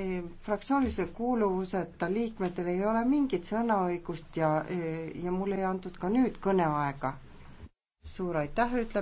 E, fraktsioonilise kuuluvuseta liikmetel ei ole mingit sõnaõigust ja, e, ja mulle ei antud ka nüüd kõneaega. suur aitäh, ütleb